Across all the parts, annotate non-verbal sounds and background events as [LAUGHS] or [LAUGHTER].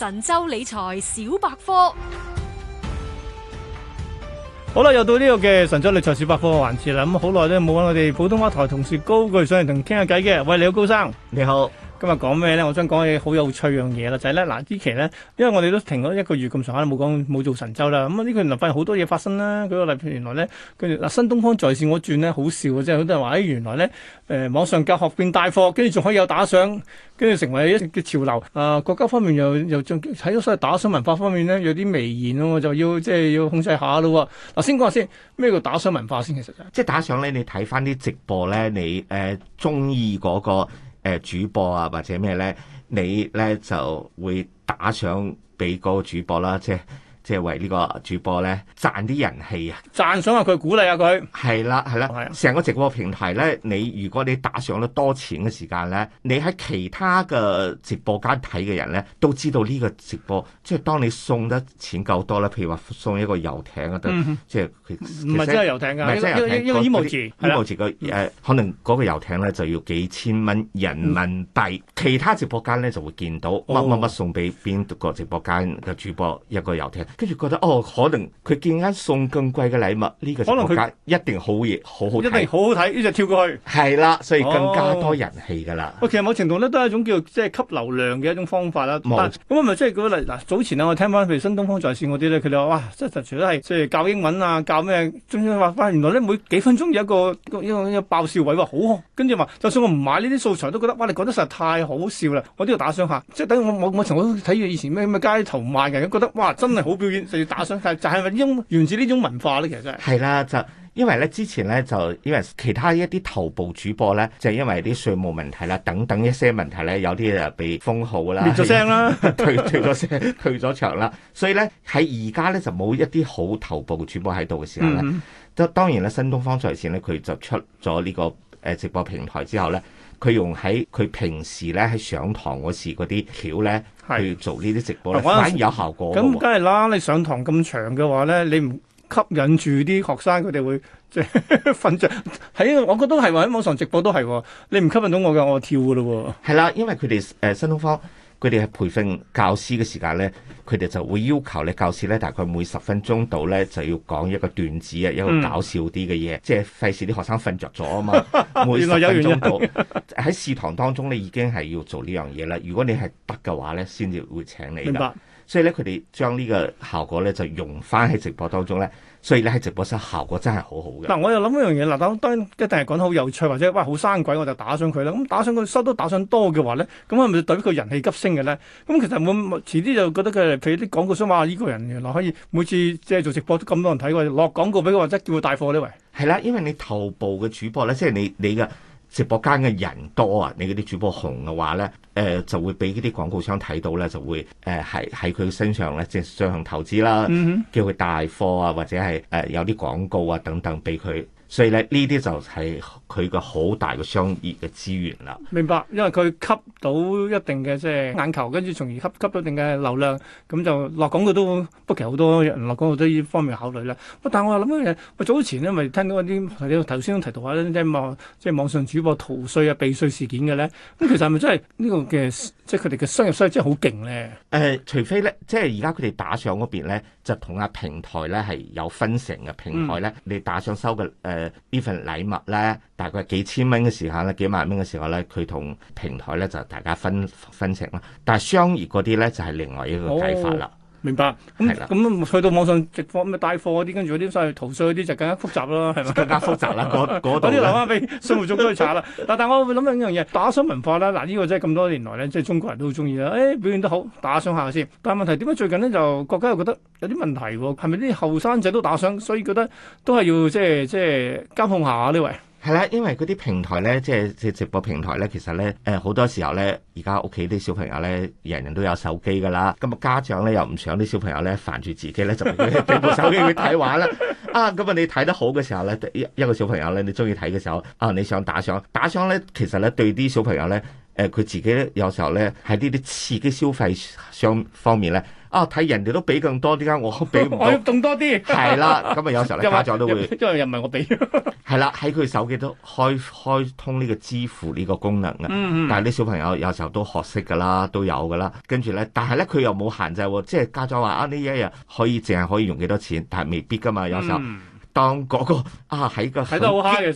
神州理財小百科，好啦，又到呢個嘅神州理財小百科嘅環節啦。咁好耐都冇揾我哋普通話台同事高鉅上嚟同傾下偈嘅。喂，你好，高生，你好。今日講咩咧？我想講起好有趣樣嘢啦，就係咧嗱，之前咧，因為我哋都停咗一個月咁長，可能冇講冇做神州啦。咁啊，呢個原來發現好多嘢發生啦。嗰、這個例子原來咧，跟住嗱新東方在線我轉咧，好笑嘅真係，好多人都話原來咧誒、呃、網上教學變帶貨，跟住仲可以有打賞，跟住成為一嘅潮流啊！國家方面又又仲睇咗所謂打賞文化方面咧，有啲微言喎，就要即係、就是、要控制下咯。嗱、啊，先講下先咩叫打賞文化先其實？即係打賞咧，你睇翻啲直播咧，你誒、呃、中意嗰、那個。誒、呃、主播啊，或者咩咧，你咧就會打賞俾嗰個主播啦，即係。即係為呢個主播咧賺啲人氣啊！讚賞下佢，鼓勵下佢，係啦係啦。成個直播平台咧，你如果你打上咗多錢嘅時間咧，你喺其他嘅直播間睇嘅人咧，都知道呢個直播，即係當你送得錢夠多咧，譬如話送一個遊艇啊，即係佢唔係真係遊艇噶？因為因為因為 emoji emoji 個誒可能嗰個遊艇咧就要幾千蚊人民幣，嗯、其他直播間咧就會見到乜乜乜送俾邊個直播間嘅主播一個遊艇。跟住覺得哦，可能佢見啱送更貴嘅禮物，呢、這個可能佢一定好嘢，好好一定好好睇，於是跳過去，係啦，所以更加多人氣㗎啦。其實、哦 okay, 某程度咧都係一種叫即係吸流量嘅一種方法啦。咁啊，咪即係舉個例，嗱、就是，早前啊，我聽翻譬如新東方在線嗰啲咧，佢哋話哇，即係純粹都係即係教英文啊，教咩？終於話翻，原來咧每幾分鐘有一個一個爆笑位，話好，跟住話就算我唔買呢啲素材，都覺得哇，你講得實在太好笑啦！我都要打賞下，即係等我我我從我睇住以前咩咩街頭賣嘅，人覺得哇，真係好。 [LAUGHS] 表演就要打賞晒，就係因為源自呢種文化咧，其實真係係啦，就因為咧之前咧就因為其他一啲頭部主播咧，就因為啲稅務問題啦，等等一些問題咧，有啲就被封號啦，滅咗聲啦，退聲 [LAUGHS] 退咗聲，退咗場啦，所以咧喺而家咧就冇一啲好頭部主播喺度嘅時候咧，都、嗯嗯、當然咧新東方在線咧佢就出咗呢個誒直播平台之後咧。佢用喺佢平時咧喺上堂嗰時嗰啲橋咧去做呢啲直播咧，反而有效果。咁梗係啦，你上堂咁長嘅話咧，你唔吸引住啲學生，佢哋會即係瞓着。喺我覺得係話喺網上直播都係，你唔吸引到我嘅，我跳嘅嘞。係啦，因為佢哋誒新東方。佢哋喺培訓教師嘅時間咧，佢哋就會要求咧教師咧，大概每十分鐘到咧就要講一個段子啊，一個搞笑啲嘅嘢，嗯、即係費事啲學生瞓着咗啊嘛。 [LAUGHS] 原來有原因，每十分鐘到，喺 [LAUGHS] 試堂當中咧，已經係要做呢樣嘢啦。如果你係得嘅話咧，先至會請你啦。明白。所以咧，佢哋將呢個效果咧就用翻喺直播當中咧，所以咧喺直播室效果真係好好嘅。嗱，我又諗一樣嘢，嗱，我當然一定係講得好有趣或者哇好生鬼，我就打上佢啦。咁打上佢收都打上，打上多嘅話咧，咁係咪對佢人氣急升嘅咧。咁其實會遲啲就覺得佢譬如啲廣告商話呢個人原來可以每次即係做直播都咁多人睇喎，落廣告俾佢或者叫佢帶貨呢喂。係啦，因為你頭部嘅主播咧，即係你你嘅。直播間嘅人多啊，你嗰啲主播紅嘅話咧，誒、呃、就會俾嗰啲廣告商睇到咧，就會誒係喺佢身上咧，即係進行投資啦，叫佢帶貨啊，或者係誒、呃、有啲廣告啊等等俾佢。所以咧，呢啲就係佢個好大嘅商業嘅資源啦。明白，因為佢吸到一定嘅即係眼球，跟住從而吸吸到一定嘅流量，咁就落廣告都不其好多落廣告都呢方面考慮啦。但係我話諗緊嘢，喂早前因為聽到啲頭頭先都提到話咧，即係網上主播逃稅啊避稅事件嘅咧，咁其實係咪真係、這個就是、呢個嘅即係佢哋嘅商業收入真係好勁咧？誒、呃，除非咧，即係而家佢哋打賞嗰邊咧，就同啊平台咧係有分成嘅，平台咧、嗯、你打賞收嘅誒。呃份禮呢份禮物咧，大概幾千蚊嘅時候咧，幾萬蚊嘅時候咧，佢同平台咧就大家分分成啦。但係商業嗰啲呢，就係、是、另外一個計法啦。Oh. 明白，咁、嗯、咁的去到網上直播咁啊帶貨嗰啲，跟住嗰啲上去逃稅嗰啲就更加複雜啦，係咪？更加複雜啦，嗰啲留翻俾生活中都去查啦。嗱，但係我會諗緊一樣嘢，打賞文化啦。嗱，呢個真係咁多年來咧，即係中國人都好中意啦。誒、欸，表現得好，打賞下先。但係問題點解最近咧就國家又覺得有啲問題喎？係咪啲後生仔都打賞，所以覺得都係要即係即係監控下呢位？係啦，因為嗰啲平台咧，即係即係直播平台咧，其實咧，誒、呃、好多時候咧，而家屋企啲小朋友咧，人人都有手機噶啦，咁啊家長咧又唔想啲小朋友咧煩住自己咧，就用部手機去睇畫啦。啊，咁啊你睇得好嘅時候咧，一一個小朋友咧，你中意睇嘅時候，啊你想打賞，打賞咧，其實咧對啲小朋友咧，誒、呃、佢自己咧有時候咧喺呢啲刺激消費商方面咧。啊！睇人哋都俾咁多，點解我俾唔？ [LAUGHS] 我要仲多啲。係 [LAUGHS] 啦，咁啊有時候咧， [LAUGHS] 家長都會， [LAUGHS] 因為又唔係我俾。係 [LAUGHS] 啦，喺佢手機都開開通呢個支付呢個功能嘅。嗯。但係啲小朋友有時候都學識㗎啦，都有㗎啦。跟住咧，但係咧佢又冇限制喎，即係家長話啊，呢一日可以淨係可以用幾多錢，但係未必㗎嘛，有時候。嗯。當嗰、那個啊喺個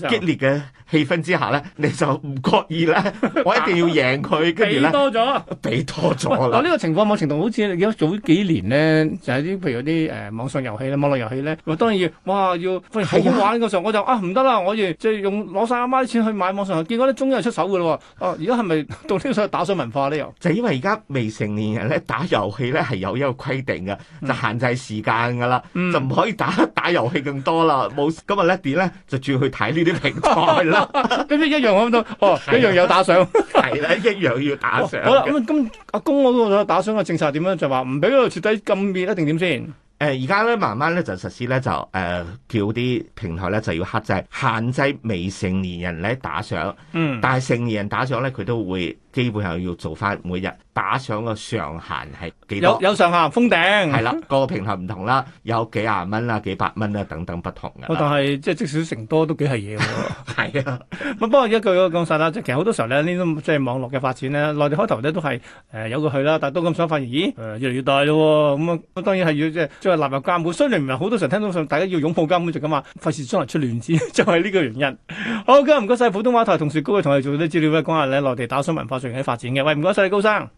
激烈嘅氣氛之下咧，你就唔覺意咧，我一定要贏佢，跟住 [LAUGHS] 多咗了，俾多咗啦。呢個情況某程度好似而家早幾年咧，就係、是、啲譬如啲誒、呃、網上遊戲啦、網絡遊戲咧、啊啊，我當然要哇要，係好玩嘅時候我就啊唔得啦！我而即係用攞晒阿媽啲錢去買網上遊戲，見嗰啲中央出手嘅咯喎。哦、啊，而家係咪到導致咗打賞文化呢？又就因為而家未成年人咧打遊戲咧係有一個規定嘅，就限制時間㗎啦，嗯、就唔可以打打遊戲咁多。啦，冇，今日咧點咧就住去睇呢啲平台咯。咁樣一樣咁都哦，一樣有打賞，係啦，一樣要打賞。咁咁、哦，阿公嗰打賞嘅政策點樣？就話唔俾佢徹底禁滅一定點先？誒，而家咧慢慢咧就實施咧，就誒、呃、叫啲平台咧就要克制，限制未成年人咧打賞。嗯，但係成年人打賞咧，佢都會基本上要做翻每日。打賞嘅上限係幾多有？有上限封頂，係啦， [LAUGHS] 個平衡唔同啦，有幾廿蚊啦、幾百蚊啦等等不同嘅、哦。但係即係積少成多都幾係嘢喎。係 [LAUGHS] 啊，唔 [LAUGHS] [LAUGHS] 不過一家句嘢講曬啦，即其實好多時候咧，呢啲即係網絡嘅發展呢，內地開頭呢都係誒、呃、有個去啦，但係都咁想發現，咦，越嚟越大咯喎、哦，咁啊當然係要即係即係納入監管。雖然唔係好多時候聽到大家要擁抱監管就咁話，費事將來出亂子， [LAUGHS] 就係呢個原因。好嘅，唔該晒普通話台同，同事高鉅同我做啲資料咧，講下咧內地打賞文化上近喺發展嘅。喂，唔該曬高生。